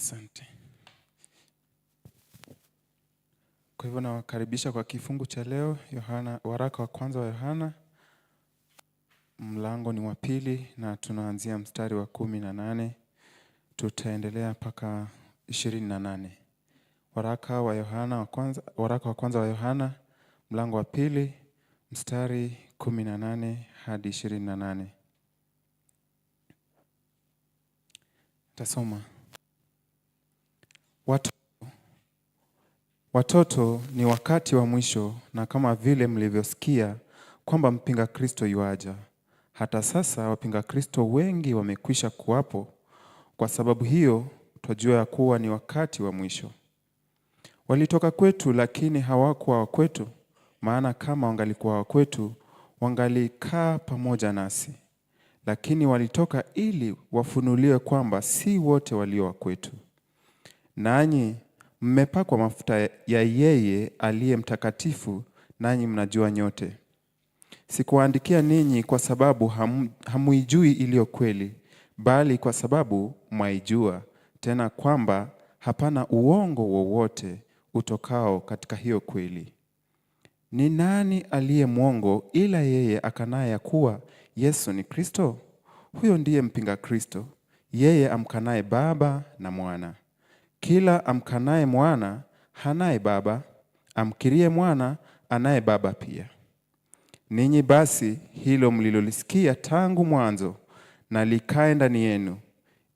Asante. Kwa hivyo nawakaribisha kwa kifungu cha leo Yohana, waraka wa kwanza wa Yohana mlango ni wa pili na tunaanzia mstari wa kumi na nane tutaendelea mpaka ishirini na nane. Waraka wa Yohana wa kwanza, waraka wa kwanza wa Yohana mlango wa pili mstari kumi na nane hadi ishirini na nane. Tasoma. Watoto, ni wakati wa mwisho, na kama vile mlivyosikia kwamba mpinga Kristo yuaja, hata sasa wapinga Kristo wengi wamekwisha kuwapo. Kwa sababu hiyo twajua ya kuwa ni wakati wa mwisho. Walitoka kwetu, lakini hawakuwa wa kwetu, maana kama wangalikuwa wa kwetu wangalikaa pamoja nasi, lakini walitoka ili wafunuliwe kwamba si wote walio wa kwetu. Nanyi mmepakwa mafuta ya yeye aliye mtakatifu, nanyi mnajua nyote. Sikuwaandikia ninyi kwa sababu hamu, hamuijui iliyo kweli, bali kwa sababu mwaijua, tena kwamba hapana uongo wowote utokao katika hiyo kweli. Ni nani aliye mwongo ila yeye akanaye ya kuwa Yesu ni Kristo? Huyo ndiye mpinga Kristo, yeye amkanaye Baba na Mwana. Kila amkanaye mwana hanaye Baba, amkirie mwana anaye Baba pia. Ninyi basi hilo mlilolisikia tangu mwanzo na likae ndani yenu.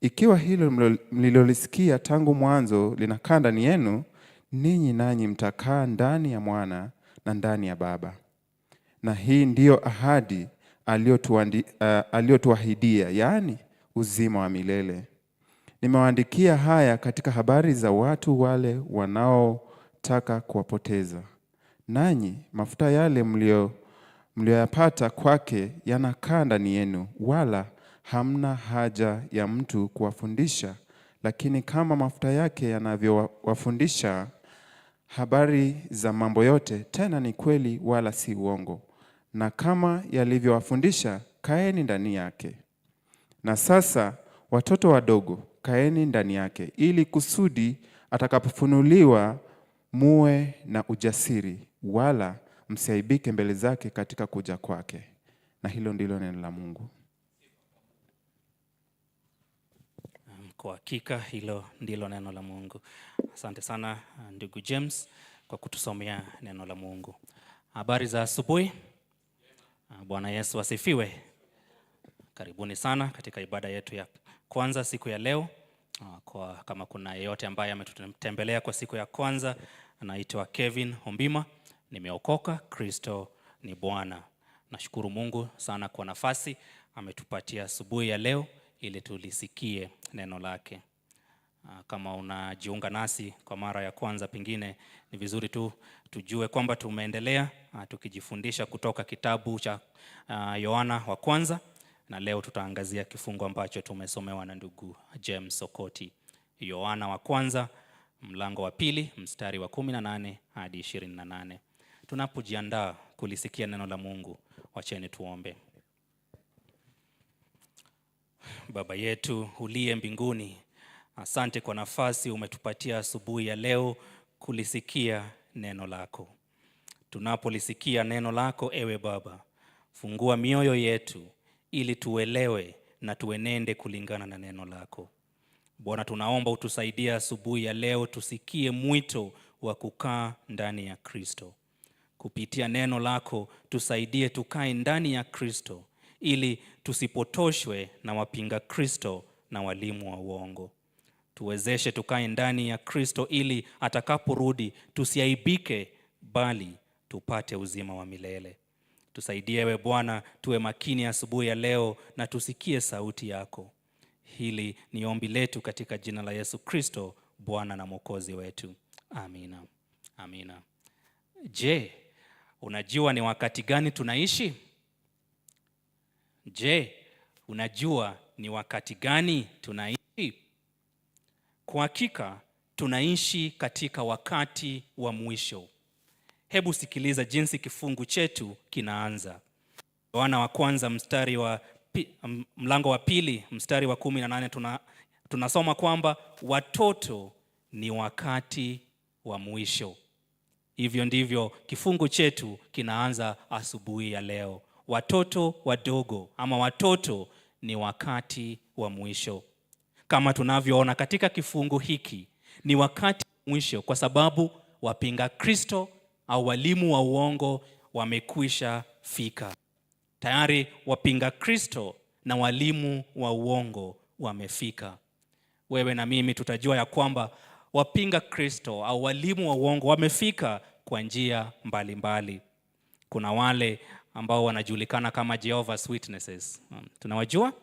Ikiwa hilo mlilolisikia tangu mwanzo linakaa ndani yenu, ninyi nanyi mtakaa ndani ya mwana na ndani ya Baba. Na hii ndiyo ahadi eh, aliyotuahidia, yaani uzima wa milele. Nimewaandikia haya katika habari za watu wale wanaotaka kuwapoteza. Nanyi mafuta yale mlioyapata kwake yanakaa ndani yenu, wala hamna haja ya mtu kuwafundisha. Lakini kama mafuta yake yanavyowafundisha habari za mambo yote, tena ni kweli wala si uongo, na kama yalivyowafundisha, kaeni ndani yake. Na sasa, watoto wadogo kaeni ndani yake, ili kusudi atakapofunuliwa muwe na ujasiri, wala msiaibike mbele zake katika kuja kwake. Na hilo ndilo neno la Mungu. Kwa hakika hilo ndilo neno la Mungu. Asante sana ndugu James kwa kutusomea neno la Mungu. Habari za asubuhi. Bwana Yesu asifiwe. Karibuni sana katika ibada yetu ya kwanza siku ya leo. Uh, kwa kama kuna yeyote ambaye ametutembelea kwa siku ya kwanza, anaitwa Kevin Hombima. Nimeokoka, Kristo ni Bwana. Nashukuru Mungu sana kwa nafasi ametupatia asubuhi ya leo ili tulisikie neno lake. Uh, kama unajiunga nasi kwa mara ya kwanza, pengine ni vizuri tu tujue kwamba tumeendelea uh, tukijifundisha kutoka kitabu cha Yohana wa kwanza na leo tutaangazia kifungu ambacho tumesomewa na ndugu James Sokoti, Yohana wa kwanza mlango wa pili mstari wa 18 hadi 28. Tunapojiandaa kulisikia neno la Mungu, wacheni tuombe. Baba yetu uliye mbinguni, asante kwa nafasi umetupatia asubuhi ya leo kulisikia neno lako. Tunapolisikia neno lako, ewe Baba, fungua mioyo yetu ili tuelewe na tuenende kulingana na neno lako. Bwana, tunaomba utusaidie asubuhi ya leo, tusikie mwito wa kukaa ndani ya Kristo kupitia neno lako. Tusaidie tukae ndani ya Kristo ili tusipotoshwe na wapinga Kristo na walimu wa uongo. Tuwezeshe tukae ndani ya Kristo ili atakaporudi tusiaibike, bali tupate uzima wa milele. Tusaidie we Bwana, tuwe makini asubuhi ya leo na tusikie sauti yako. Hili ni ombi letu katika jina la Yesu Kristo, Bwana na Mwokozi wetu. Amina, amina. Je, unajua ni wakati gani tunaishi? Je, unajua ni wakati gani tunaishi? Kwa hakika tunaishi katika wakati wa mwisho. Hebu sikiliza jinsi kifungu chetu kinaanza. Yohana wa kwanza mstari wa mlango wa pili mstari wa kumi na nane tuna, tunasoma kwamba watoto ni wakati wa mwisho. Hivyo ndivyo kifungu chetu kinaanza asubuhi ya leo. Watoto wadogo ama watoto ni wakati wa mwisho. Kama tunavyoona katika kifungu hiki, ni wakati wa mwisho kwa sababu wapinga Kristo au walimu wa uongo wamekwisha fika tayari. Wapinga Kristo na walimu wa uongo wamefika. Wewe na mimi tutajua ya kwamba wapinga Kristo au walimu wa uongo wamefika kwa njia mbalimbali. Kuna wale ambao wanajulikana kama Jehovah's Witnesses, hmm, tunawajua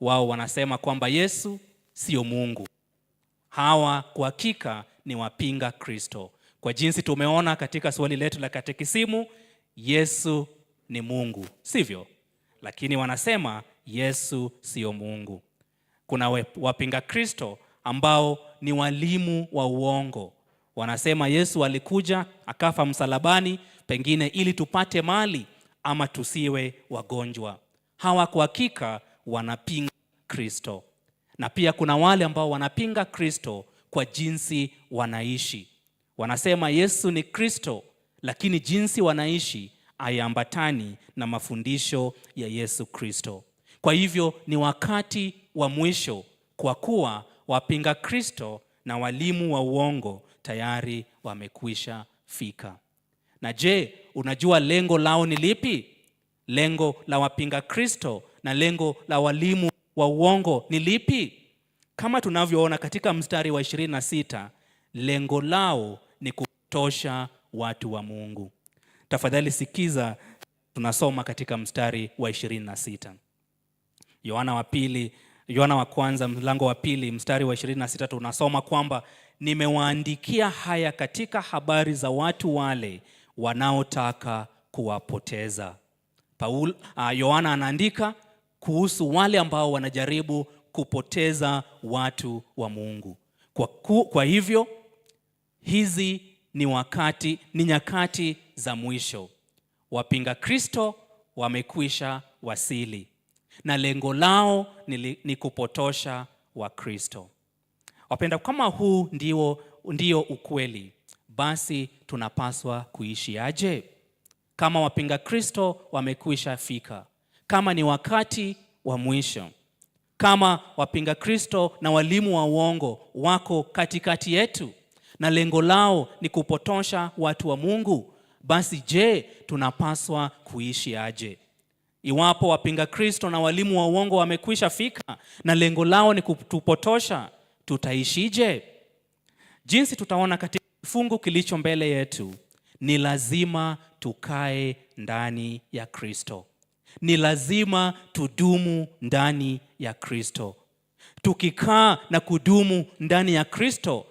wao. Wanasema kwamba Yesu sio Mungu. Hawa kwa hakika ni wapinga Kristo. Kwa jinsi tumeona katika swali letu la katekisimu, Yesu ni Mungu, sivyo? Lakini wanasema Yesu siyo Mungu. Kuna wapinga Kristo ambao ni walimu wa uongo, wanasema Yesu alikuja akafa msalabani, pengine ili tupate mali ama tusiwe wagonjwa. Hawa kwa hakika wanapinga Kristo, na pia kuna wale ambao wanapinga Kristo kwa jinsi wanaishi Wanasema Yesu ni Kristo, lakini jinsi wanaishi haiambatani na mafundisho ya Yesu Kristo. Kwa hivyo ni wakati wa mwisho, kwa kuwa wapinga Kristo na walimu wa uongo tayari wamekwisha fika. Na je, unajua lengo lao ni lipi? Lengo la wapinga Kristo na lengo la walimu wa uongo ni lipi? Kama tunavyoona katika mstari wa 26 lengo lao ni kutosha watu wa Mungu. Tafadhali sikiza, tunasoma katika mstari wa 26. Yohana wa pili, Yohana wa kwanza mlango wa pili mstari wa 26 tunasoma kwamba nimewaandikia haya katika habari za watu wale wanaotaka kuwapoteza. Paul, uh, Yohana anaandika kuhusu wale ambao wanajaribu kupoteza watu wa Mungu. Kwa, ku, kwa hivyo Hizi ni wakati, ni nyakati za mwisho. Wapinga Kristo wamekwisha wasili na lengo lao ni, ni kupotosha Wakristo. Wapenda, kama huu ndio, ndio ukweli, basi tunapaswa kuishi aje? Kama wapinga Kristo wamekwisha fika, kama ni wakati wa mwisho, kama wapinga Kristo na walimu wa uongo wako katikati yetu na lengo lao ni kupotosha watu wa Mungu, basi je, tunapaswa kuishi aje? Iwapo wapinga Kristo na walimu wa uongo wamekwisha fika na lengo lao ni kutupotosha, tutaishije? Jinsi tutaona katika kifungu kilicho mbele yetu, ni lazima tukae ndani ya Kristo. Ni lazima tudumu ndani ya Kristo. Tukikaa na kudumu ndani ya Kristo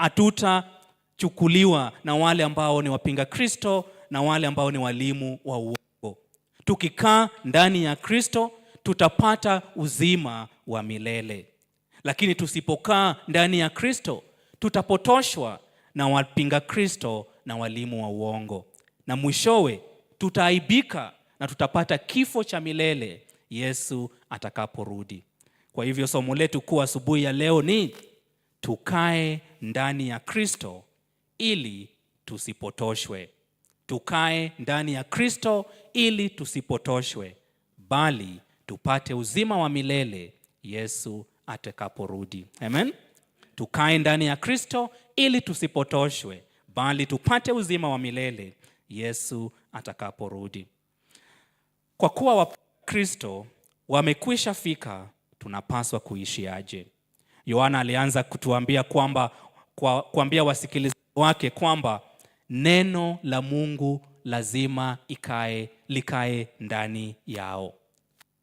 hatutachukuliwa na wale ambao ni wapinga Kristo na wale ambao ni walimu wa uongo. Tukikaa ndani ya Kristo tutapata uzima wa milele, lakini tusipokaa ndani ya Kristo tutapotoshwa na wapinga Kristo na walimu wa uongo, na mwishowe tutaaibika na tutapata kifo cha milele Yesu atakaporudi. Kwa hivyo somo letu kuu asubuhi ya leo ni tukae ndani ya Kristo ili tusipotoshwe. Tukae ndani ya Kristo ili tusipotoshwe, bali tupate uzima wa milele Yesu atakaporudi. Amen. Tukae ndani ya Kristo ili tusipotoshwe, bali tupate uzima wa milele Yesu atakaporudi. Kwa kuwa Wakristo wamekwisha fika, tunapaswa kuishi aje? Yohana alianza kutuambia kwamba kwa, kuambia wasikilizaji wake kwamba neno la Mungu lazima ikae likae ndani yao.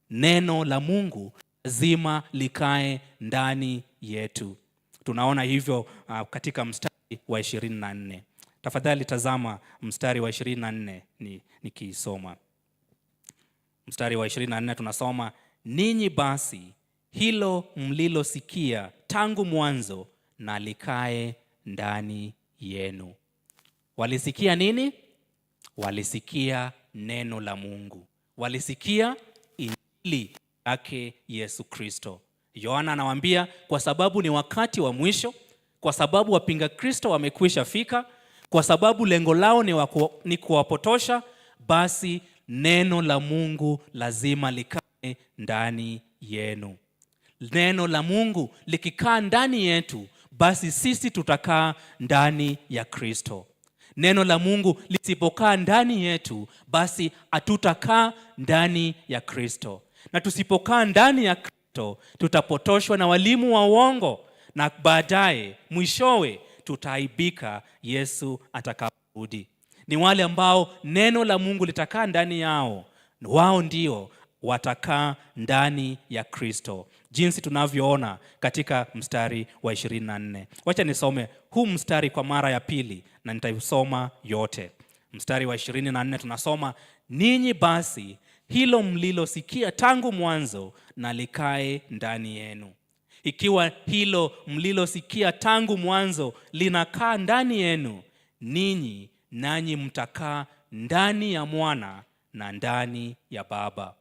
Neno la Mungu lazima likae ndani yetu. Tunaona hivyo uh, katika mstari wa 24. Tafadhali tazama mstari wa 24 ni nikiisoma. Mstari wa 24 tunasoma, ninyi basi hilo mlilosikia tangu mwanzo na likae ndani yenu. Walisikia nini? Walisikia neno la Mungu, walisikia injili yake Yesu Kristo. Yohana anawaambia kwa sababu ni wakati wa mwisho, kwa sababu wapinga Kristo wamekwisha fika, kwa sababu lengo lao ni, waku, ni kuwapotosha, basi neno la Mungu lazima likae ndani yenu neno la Mungu likikaa ndani yetu, basi sisi tutakaa ndani ya Kristo. Neno la Mungu lisipokaa ndani yetu, basi hatutakaa ndani ya Kristo, na tusipokaa ndani ya Kristo tutapotoshwa na walimu wa uongo, na baadaye mwishowe tutaaibika Yesu atakaporudi. Ni wale ambao neno la Mungu litakaa ndani yao, wao ndio watakaa ndani ya Kristo, jinsi tunavyoona katika mstari wa 24. Wacha nisome huu mstari kwa mara ya pili na nitaisoma yote. Mstari wa 24 tunasoma, ninyi basi hilo mlilosikia tangu mwanzo na likae ndani yenu. Ikiwa hilo mlilosikia tangu mwanzo linakaa ndani yenu, ninyi nanyi mtakaa ndani ya mwana na ndani ya Baba.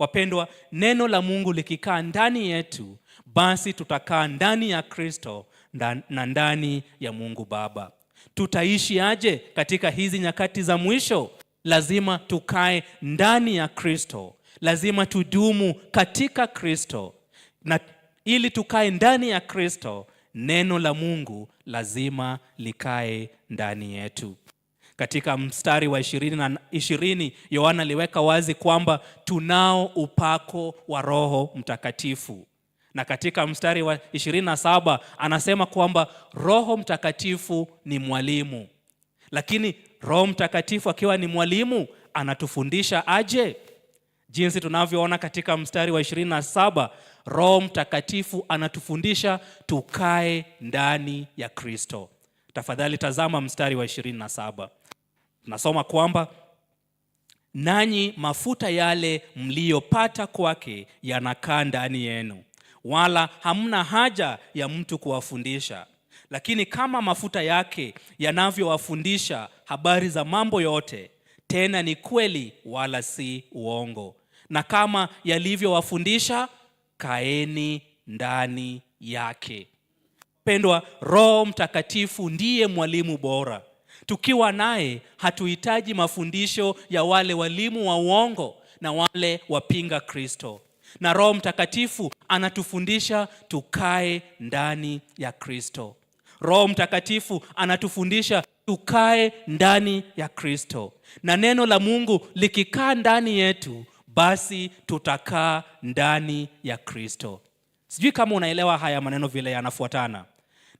Wapendwa, neno la Mungu likikaa ndani yetu, basi tutakaa ndani ya Kristo na ndani ya Mungu Baba. Tutaishi aje katika hizi nyakati za mwisho? Lazima tukae ndani ya Kristo, lazima tudumu katika Kristo, na ili tukae ndani ya Kristo, neno la Mungu lazima likae ndani yetu katika mstari wa ishirini na ishirini Yohana aliweka wazi kwamba tunao upako wa Roho Mtakatifu, na katika mstari wa ishirini na saba anasema kwamba Roho Mtakatifu ni mwalimu. Lakini Roho Mtakatifu akiwa ni mwalimu anatufundisha aje? Jinsi tunavyoona katika mstari wa ishirini na saba Roho Mtakatifu anatufundisha tukae ndani ya Kristo. Tafadhali tazama mstari wa ishirini na saba tunasoma kwamba nanyi mafuta yale mliyopata kwake yanakaa ndani yenu, wala hamna haja ya mtu kuwafundisha. Lakini kama mafuta yake yanavyowafundisha habari za mambo yote, tena ni kweli wala si uongo, na kama yalivyowafundisha, kaeni ndani yake. Pendwa, Roho Mtakatifu ndiye mwalimu bora Tukiwa naye hatuhitaji mafundisho ya wale walimu wa uongo na wale wapinga Kristo. Na Roho Mtakatifu anatufundisha tukae ndani ya Kristo. Roho Mtakatifu anatufundisha tukae ndani ya Kristo. Na neno la Mungu likikaa ndani yetu, basi tutakaa ndani ya Kristo. Sijui kama unaelewa haya maneno vile yanafuatana.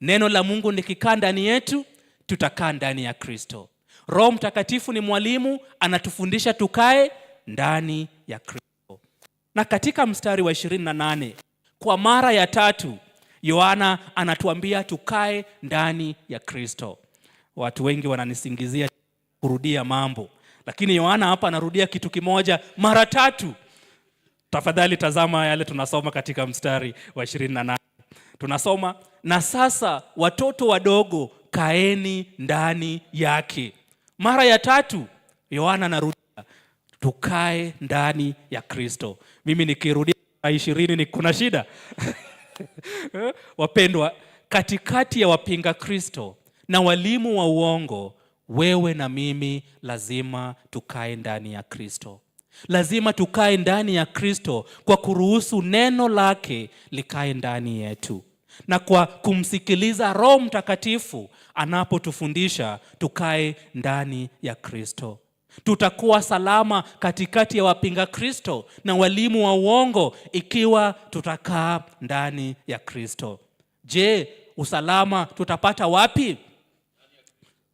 Neno la Mungu likikaa ndani yetu, tutakaa ndani ya Kristo. Roho Mtakatifu ni mwalimu, anatufundisha tukae ndani ya Kristo. Na katika mstari wa 28 kwa mara ya tatu Yohana anatuambia tukae ndani ya Kristo. Watu wengi wananisingizia kurudia mambo, lakini Yohana hapa anarudia kitu kimoja mara tatu. Tafadhali tazama yale tunasoma katika mstari wa 28. Tunasoma, na sasa watoto wadogo kaeni ndani yake. Mara ya tatu Yohana anarudia tukae ndani ya Kristo. Mimi nikirudia mara ishirini ni kuna shida wapendwa, katikati ya wapinga Kristo na walimu wa uongo, wewe na mimi lazima tukae ndani ya Kristo. Lazima tukae ndani ya Kristo kwa kuruhusu neno lake likae ndani yetu na kwa kumsikiliza Roho Mtakatifu anapotufundisha tukae ndani ya Kristo. Tutakuwa salama katikati ya wapinga Kristo na walimu wa uongo ikiwa tutakaa ndani ya Kristo. Je, usalama tutapata wapi?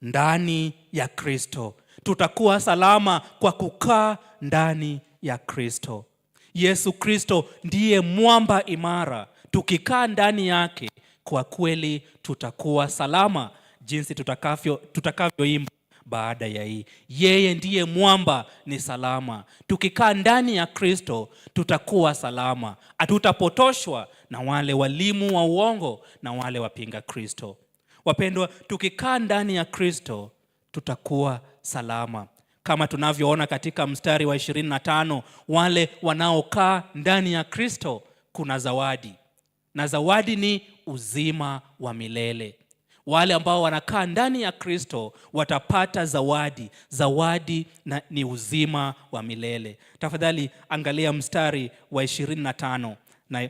Ndani ya Kristo. Tutakuwa salama kwa kukaa ndani ya Kristo. Yesu Kristo ndiye mwamba imara. Tukikaa ndani yake, kwa kweli tutakuwa salama jinsi tutakavyo tutakavyoimba baada ya hii. Yeye ndiye mwamba, ni salama. Tukikaa ndani ya Kristo tutakuwa salama, hatutapotoshwa na wale walimu wa uongo na wale wapinga Kristo. Wapendwa, tukikaa ndani ya Kristo tutakuwa salama kama tunavyoona katika mstari wa 25, wale wanaokaa ndani ya Kristo kuna zawadi, na zawadi ni uzima wa milele. Wale ambao wanakaa ndani ya Kristo watapata zawadi. Zawadi na ni uzima wa milele. Tafadhali angalia mstari wa 25 na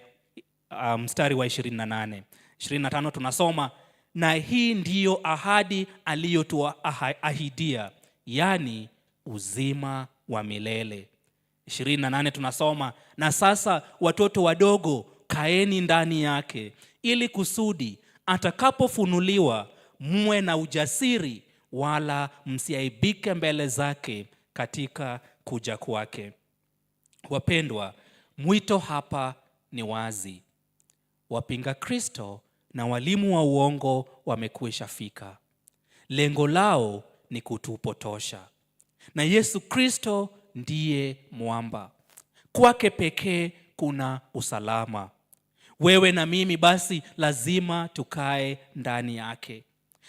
uh, mstari wa 28. 25 tunasoma, na hii ndiyo ahadi aliyotuahidia, yani uzima wa milele. 28 tunasoma, na sasa watoto wadogo, kaeni ndani yake, ili kusudi atakapofunuliwa, mwe na ujasiri, wala msiaibike mbele zake katika kuja kwake. Wapendwa, mwito hapa ni wazi. Wapinga Kristo na walimu wa uongo wamekwisha fika. Lengo lao ni kutupotosha, na Yesu Kristo ndiye mwamba. Kwake pekee kuna usalama wewe na mimi, basi lazima tukae ndani yake,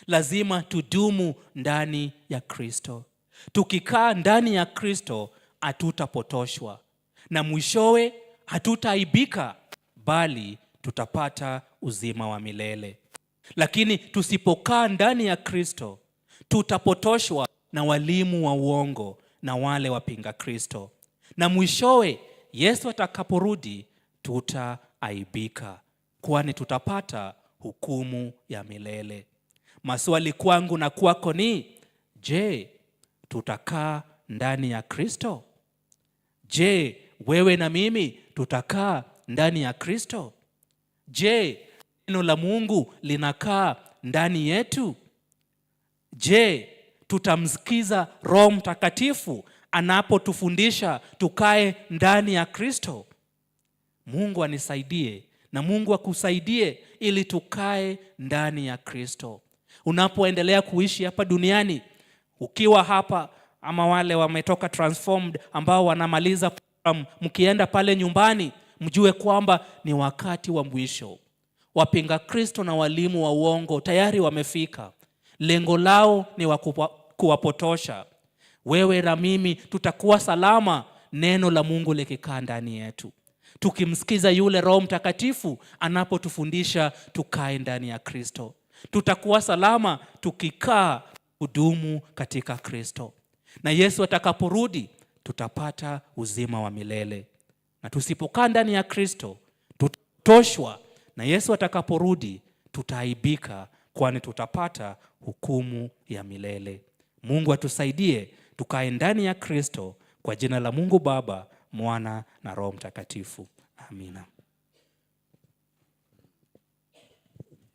lazima tudumu ndani ya Kristo. Tukikaa ndani ya Kristo hatutapotoshwa na mwishowe hatutaibika bali tutapata uzima wa milele. Lakini tusipokaa ndani ya Kristo tutapotoshwa na walimu wa uongo na wale wapinga Kristo, na mwishowe Yesu atakaporudi tuta aibika kwani tutapata hukumu ya milele. Maswali kwangu na kwako ni je, tutakaa ndani ya Kristo? Je, wewe na mimi tutakaa ndani ya Kristo? Je, neno la Mungu linakaa ndani yetu? Je, tutamsikiza Roho Mtakatifu anapotufundisha tukae ndani ya Kristo? Mungu anisaidie na Mungu akusaidie ili tukae ndani ya Kristo. Unapoendelea kuishi hapa duniani ukiwa hapa ama wale wametoka transformed ambao wanamaliza program, mkienda pale nyumbani, mjue kwamba ni wakati wa mwisho. Wapinga Kristo na walimu wa uongo tayari wamefika, lengo lao ni wa kuwapotosha. Wewe na mimi tutakuwa salama neno la Mungu likikaa ndani yetu tukimsikiza yule Roho Mtakatifu anapotufundisha tukae ndani ya Kristo. Tutakuwa salama tukikaa kudumu katika Kristo, na Yesu atakaporudi tutapata uzima wa milele. Na tusipokaa ndani ya Kristo tutatoshwa, na Yesu atakaporudi tutaaibika, kwani tutapata hukumu ya milele. Mungu atusaidie tukae ndani ya Kristo, kwa jina la Mungu Baba Mwana na Roho Mtakatifu. Amina.